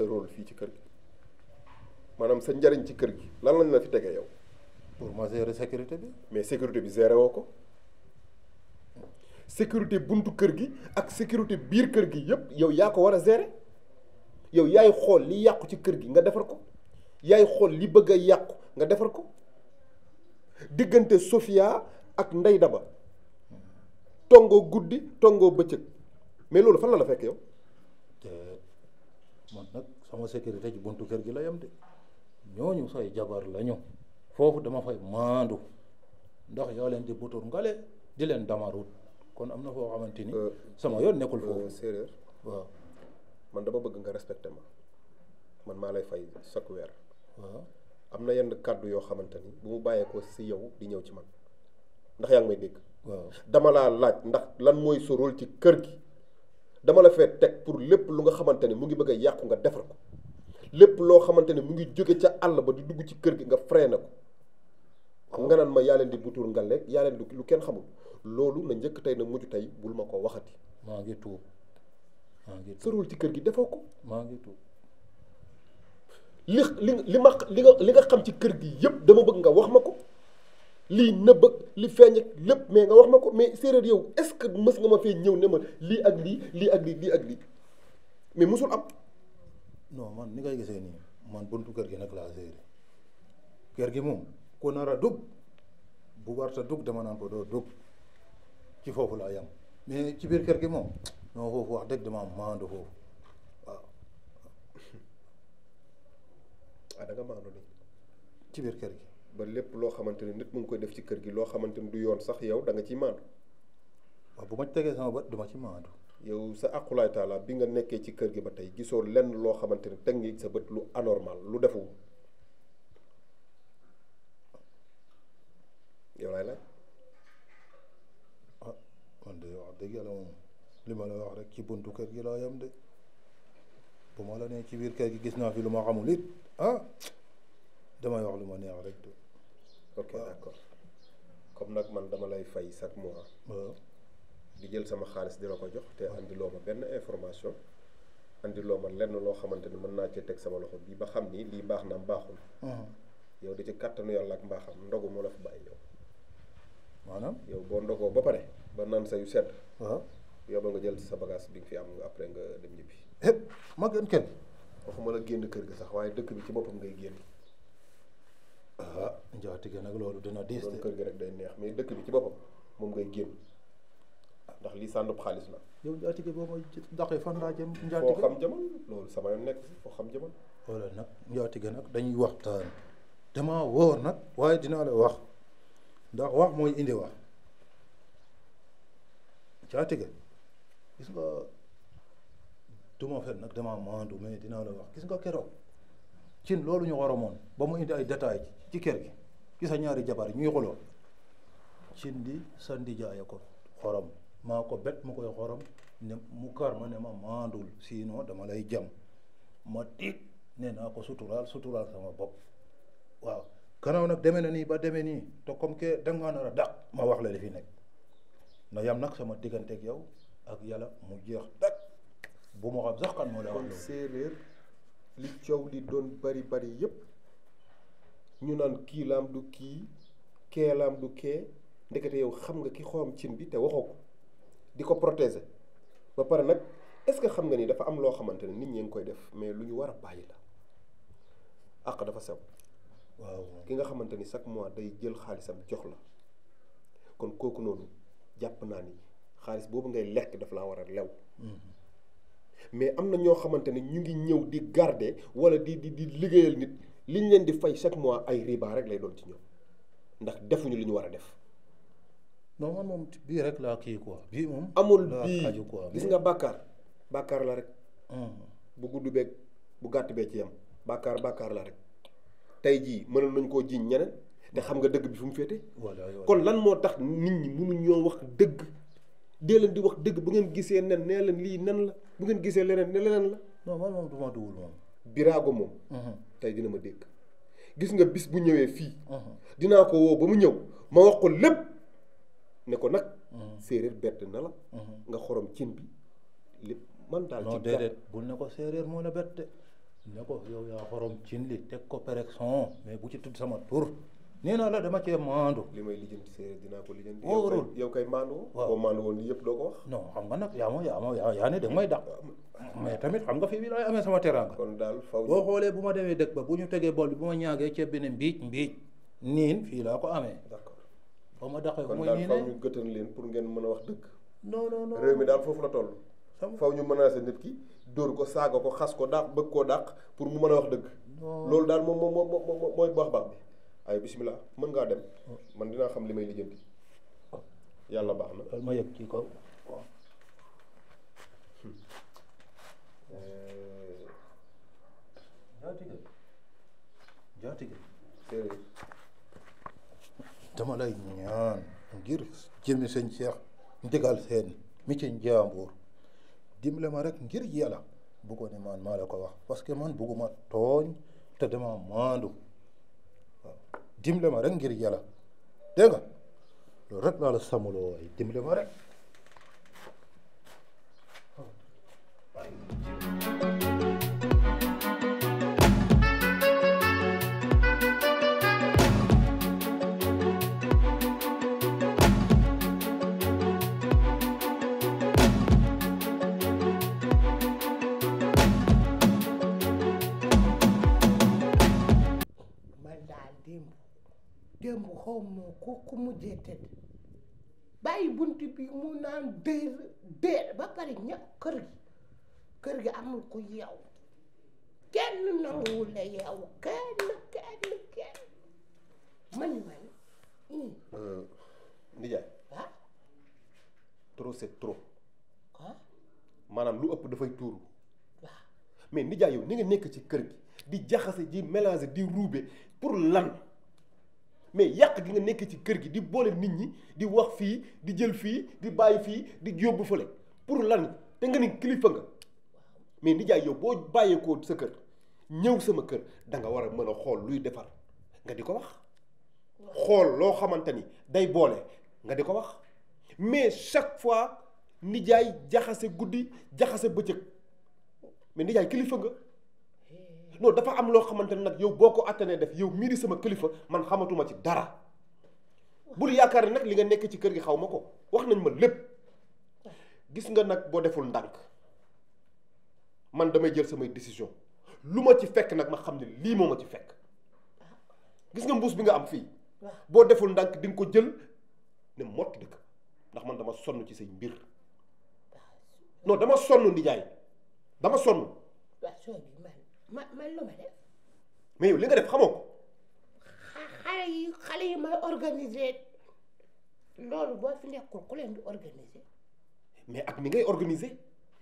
sa rôle fii ci kër gi maanaam sa njariñ ci kër gi lan lañ la fi tegee yow. pour ma gérer sécurité bi. mais sécurité bi gérer woo ko sécurité buntu kër gi ak sécurité biir kër gi yépp yow yaa ko war a gérer yow yaay xool li yàqu ci kër gi nga defar ko yaay xool li bëgg a yàqu nga defar ko diggante Sofia ak Ndey Daba tongoo guddi tongoo bëccëg mais loolu fan la la fekk yow. nag sama sécurité ci buntu kër gi la yem de ñooñu say jabar lañu foofu dama fay maandu ndax yoo leen di butur ngale di leen damarut kon am na foo xamante ni. Euh, sama yoon nekkul foofu. Euh, séeréer waaw. man dama bëgg nga respecté ma man maa lay fay chaque weer. waaw am na yenn kàddu yoo xamante ni bu mu bàyyeekoo si yow di ñëw ci man ndax yaa ngi may dégg. waaw dama laa laaj ndax lan mooy sa ci kër gi. dama la fee teg pour lépp lu nga xamante ne mu ngi bëgg yàqu nga defar ko lépp loo xamante ne mu ngi jóge ca àll ba di dugg ci kër gi nga na ko xam nga naan ma yaa leen di butuur nga lekk yaa leen lu kenn xamul loolu na njëkk tey na mujj tey bul ma ko waxati. maa maa ngi tuub soriwul ci kër gi defoo ko. maa ngi tuub li li li ma li nga li nga xam ci kër gi yëpp dama bëgg nga wax ma ko. lii nëbb li feeñ lépp mais nga wax ma ko mais séeréer yow est-ce que mës nga ma fee ñëw ne ma lii ak lii lii ak lii lii ak lii mais mësul am. non man ni ngay gisee nii man buntu kër gi nag laa séeréer kër gi moom ku nar a dugg bu warta dugg dama naan ko doo dugg ci foofu laa yam mais ci biir kër gi moom non foofu wax dëgg dama maandu foofu waaw. ah da nga ci biir kër gi. ba lépp loo xamante ne nit mu ngi koy def ci kër gi loo xamante ni du yoon sax yow danga nga ciy maandu. waaw bu ma tegee sama bët du ci maandu. yow sa aqulaay taala bi nga nekkee ci kër gi ba tey gisoo lenn loo xamante ne teg ngi sa bët lu anormal lu defu yow laay laaj. Ah, wax dëgg yàlla moom li ma la wax rek ci buntu kër gi laa yam de bu ma la nee ci biir kër gi gis naa fi lu ma xamul it ah. damay wax lu ma neex rek. ok accord comme nag man dama lay fay chaque mois. di jël sama xaalis di ko jox te andiloo ma benn information andiloo ma lenn loo xamante ni mën naa cee teg sama loxo bii ba xam nii lii baax na baaxul. Uh-huh. yow di ci kàttanu yàlla ak mbaaxam ndogu moo la fa bàyyi yow. maanaam yow boo ndogoo ba pare ba naan sayu yu sedd. Uh-huh. yow ba nga jël sa bagage bi nga fi am nga après nga dem ñibbi. ma gën kenn waxuma la génn kër gi sax waaye dëkk bi ci boppam ngay génn. ah njaatige nag loolu dina diis day neex mais dëkk bi ci boppam moom ngay génn ndax lii sàndub xaalis la. yow njaatige boo ma daqee fan laa jëm. njaatige foo xam jamono loolu sama yoon nekk foo xam jamono. wala nag njaatige nag dañuy waxtaan damaa wóor nag waaye dinaa la wax ndax wax mooy indi wax njaatige gis nga du ma fen nag damaa maandu mais dinaa la wax gis nga keroog. cin loolu ñu war a moom ba mu indi ay détails ci kër gi ci sa ñaari jabar ñuy xuloo cin di sa ndijaay ko xorom maa ko bet mu koy xorom ne mu kar ma ne ma maandul sinon dama lay jam ma tiit nee naa ko suturaal suturaal sama bopp waaw gannaaw nag demee na nii ba demee nii te comme que dangaa nar a ma wax la li fi nekk na yam nag sama diggante ak yow ak yàlla mu jeex daj bu ma xam sax kan moo lay wax loolu li coow li doon bari bari yépp ñu naan kii laam du kii kee laam du kee ndekete yow xam nga ki xoom cin bi te waxoo ko di ko protéger ba pare nag est-ce que xam nga nii dafa am loo xamante ne nit ñi ngi koy def mais lu ñu war a bàyyi la àq dafa sew waaw ki nga xamante ni chaque mois day jël xaalisam jox la kon kooku noonu jàpp naa ni xaalis boobu ngay lekk daf laa war a lew mm-hmm. mais am na ñoo xamante ne ñu ngi ñëw di garder wala di di di liggéeyal nit liñ leen di fay chaque mois ay riba rek lay doon ci ñëw ndax defuñu li ñu war a def. non moom bii rek laa kii quoi bii moom. amul bii gis nga bàkkaar bàkkaar la rek. Hmm. bu gudd beeg bu gàtt bee ci yam bàkkaar bàkkaar la rek tey jii mënoon nañ koo jiiñ ñeneen te xam nga dëgg bi fu mu féete. kon lan moo tax nit ñi mënu ñoo wax dëgg. dee leen di wax dëgg bu ngeen gisee nen nee leen lii nen la bu ngeen gisee leneen ne leneen la. non man moom du ma duwul moom. Birago moom. Mhm. tey dina ma dégg. gis nga bis bu ñëwee fii. Mhm. dinaa ko woo ba mu ñëw ma wax ko lépp ne ko nag. Mhm. séeréer bett na la. nga xorom cin bi lépp man daal. ci non bul ne ko séeréer moo la bett de. ne ko yow yaa xorom cin li teg ko pérékson mais bu ci tudd sama tur. nee naa la dama cee maandu. li may lijjanti séeréer dinaa ko lijjanti. Oh, wóorul yow kay maandu. waaw boo maandu woon lii yëpp doo ko wax. non xam nga nag yaa ma yaa ma yaa ne da may dàq. mais tamit xam nga fii bi sama teraanga. kon daal faw boo xoolee bu ma demee dëkk ba ñu tegee bool bi bu ma ñaagee ceeb bi ne mbiic fii laa ko amee. d'accord ba ma daqee mooy nii ne kon daal faw ñu gëtan leen pour ngeen mën a wax dëgg. mi daal foofu la toll. faw ñu menacé nit ki dóor ko saaga ko xas ko dàq bëgg koo dàq pour mu mën a wax dëgg. loolu daal moom moom mooy baax baax bi ay bisimilah mën ngaa dem man xam li may baax na. ma yëg ci kaw waaw. jaatige eh, jaatige. séeréer. dama lay ñaan ngir jëmi sëñ Cheikh ndigal seen mi ci njaambur dimbale ma rek ngir yàlla bëggoon ne man maa la ko wax parce que man bugguma tooñ te dama maandu. dimle ma rek ngir yàlla dégg nga loolu la samuloo waaye dimle ma rek démb xaw moo ko ku mujjee tëdd bàyyi bunt bi mu naan déer déer ba pare ña kër gi kër gi amul ku yeew kenn nanguwul la yeew kenn kenn kenn man euh, ah? ah? lu ëpp dafay tuuru mais nijaay yow ni nga nekk ci kër gi di jaxase ji mélanger di ruube pour lan mais yàq gi nga nekk ci kër gi di boole nit ñi di wax fii di jël fii di bàyyi fii di yóbbu fële pour lan te nga ni kilifa nga mais nijaay yow boo bàyyeekoo sa kër ñëw sama kër da nga war a mën a xool luy defar nga di ko wax. xool loo xamante ni day boole nga di ko wax mais chaque fois nijaay jaxase guddi jaxase bëccëg mais nijaay kilifa nga. non dafa am loo xamante ne nag yow boo ko attanee def yow mii sama kilifa man xamatuma ci dara bul yaakaar ne nag li nga nekk ci kër gi xaw ma ko wax nañ ma lépp gis nga nag boo deful ndànk man damay jël samay décision lu ma ci fekk nag ma xam ne lii moom ma ci fekk gis nga mbuus bi nga am fii boo deful ndànk di nga ko jël ne mott dëkk ndax man dama sonn ci say mbir non dama sonn nijaay dama sonn ma man lu ma def. mais yow li nga def xamoo ko. xale yi xale yi may organiser loolu boo fi nekkul ku leen di organiser. mais ak ni ngay organiser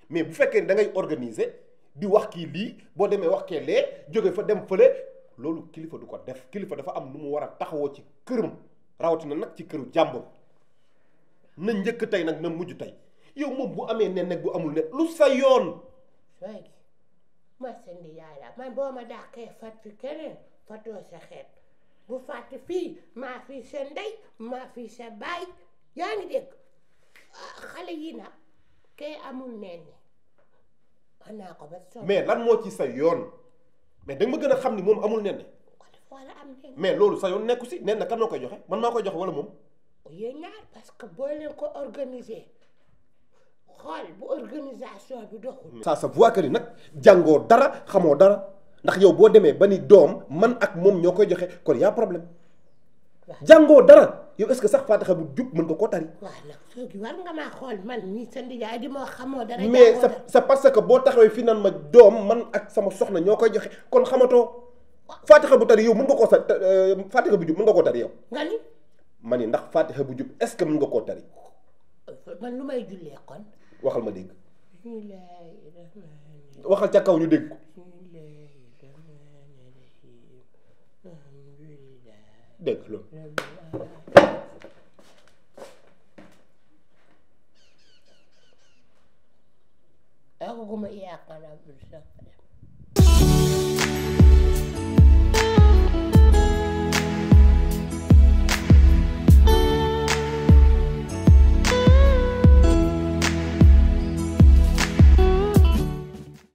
mais bu fekkee da ngay organiser di wax kii lii boo demee wax kee lee jóge fa dem fële loolu kilifa du ko def kilifa dafa am nu mu war a taxawoo ci këram rawatina nag ci këru jàmbur na njëkk tey nag na mujj tey yow moom bu amee ne nag bu amul ne lu sa yoon. ma sëndi yaay la man boo ma dàqee fat fi keneen fatoo sa xeet bu fàtt fii maa fii sa ndey maa fii sa baay yaa ngi dégg xale yi nag kee amul neen ni xanaa ko ba sonn mais lan moo ci sa yoon mais da nga ma gën a xam ni moom amul nen wala am nen mais loolu sa yoon nekku si nen na kan moo koy joxe man maa koy joxe wala moom yéen ñaar parce que boo leen ko organiser organisation bi doxul. ça se voit que ni nag jàngoo dara xamoo dara ndax yow boo demee ba ni doom man ak moom ñoo koy joxe kon y' a problème jàngoo dara yow est que sax Faatixa bu jub mën nga koo tari. waaw nag war nga maa xool ma xamoo dara. mais parce que boo taxawee fii naan ma doom man ak sama soxna ñoo koy joxe kon xamatoo. Faatixa bu tari yow mën nga koo sa euh, Faatixa bu jub mën nga koo tari yow. nga ni ma ni ndax Faatixa bu jub est-ce que mën nga koo tari. man lu may jullee kon. waxal ma dégg. waxal ca kaw ñu dégg ko dégg loolu aku kuma iya kana bisa